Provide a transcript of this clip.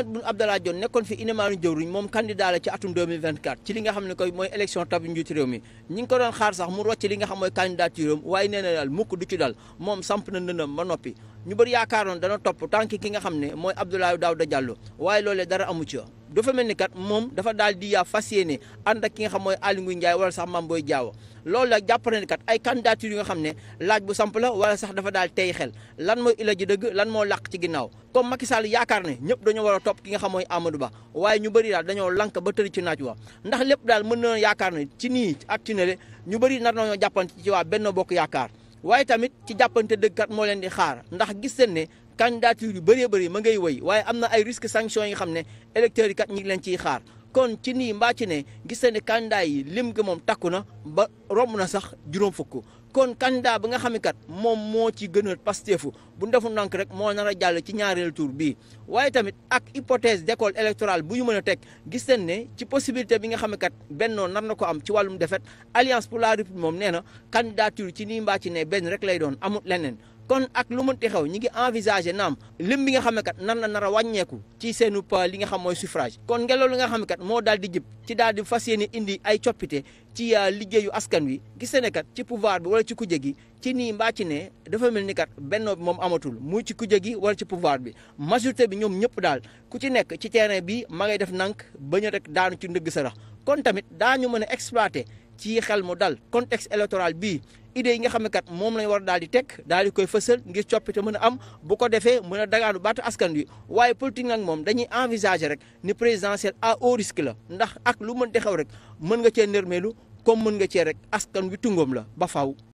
Ahmed Boun Abdallah Dionne nekkoon fi inimaanu jëwriñ moom candidat la ci atum 2024 ci nga xam ne koy mooy élection tabu njiitu réew xaar sax mu rocc li nga mooy candidature am waaye nee daal mukk du ci moom samp na ndëndam noppi ñu bëri yaakaaroon dana topp tànk ki nga ne mooy Abdoulaye Daouda Diallo waaye loolee dara amu dafa mel ni kat moom dafa daal di yaa fas yéene ànd ak ki nga xam mooy Aly Ngouille Ndiaye wala sax Mame Boye Diao loolu la jàpp na kat ay candidature yu nga xam ne laaj bu samp la wala sax dafa dal tey xel lan mooy ila ji dëgg lan moo làq ci ginnaaw comme Macky Sall yaakaar ne ñëpp dañoo war a topp ki nga xam mooy Amadou Ba waaye ñu bëri daal dañoo lank ba tëri ci naaj wa ndax lépp daal mën na yaakaar ne ci nii ak ci nele ñu bëri nar nañoo jàppante ci waa benn bokk yaakaar waaye tamit ci jàppante dëgg moo leen di xaar ndax gis seen ne candidature yu bëree bëri ma ngay wëy waaye am na ay risque sanction yi nga xam ne électeurs yi kat ñi ngi leen ciy xaar kon ci nii mbaa ci ne gis ne candidat yi lim gi moom takku na ba romb na sax juróom fukk kon candidat bi nga xam kat moom moo ci gën a pasteefu bu ndefu ndànk rek moo nar a jàll ci ñaareelu tour bii waaye tamit ak hypothèse d'école électorale bu ñu mën a teg gis nañ ne ci possibilité bi nga xam ne benn bennoo nar na ko am ci wàllum defet alliance pour la moom nee na candidature ci nii mbaa ci ne benn rek lay doon amut leneen kon ak lu mënti xew ñi ngi envisager naam lim bi nga xam ne kat nan la nar a wàññeeku ci seenu pa li nga xam mooy suffrage kon ngelaw li nga xam ne kat moo daal di jëb ci daal di fas yéene indi ay coppite ci euh, liggéeyu askan wi gis ne kat ci pouvoir bi wala ci kujje gi ci nii mbaa ci ne dafa mel ni kat bennoo moom amatul muy ci kujje gi wala ci pouvoir bi majorité bi ñoom ñëpp daal ku ci nekk ci terrain bi ma ngay def nank bañ a rek daanu ci ndëgg sarax kon tamit daañu mën a exploiter ci xel mu dal contexte électoral bii idée yi nga xam kat moom lañ war a daal di teg daal di koy fësal ngir coppite mën a am bu ko defee mën a dagaanu baatu askan wi waaye politique nag moom dañuy envisager rek ni présidentielle à haut risque la ndax ak lu mën di xew rek mën nga cee nërmeelu comme mën nga cee rek askan wi tungoom la ba faw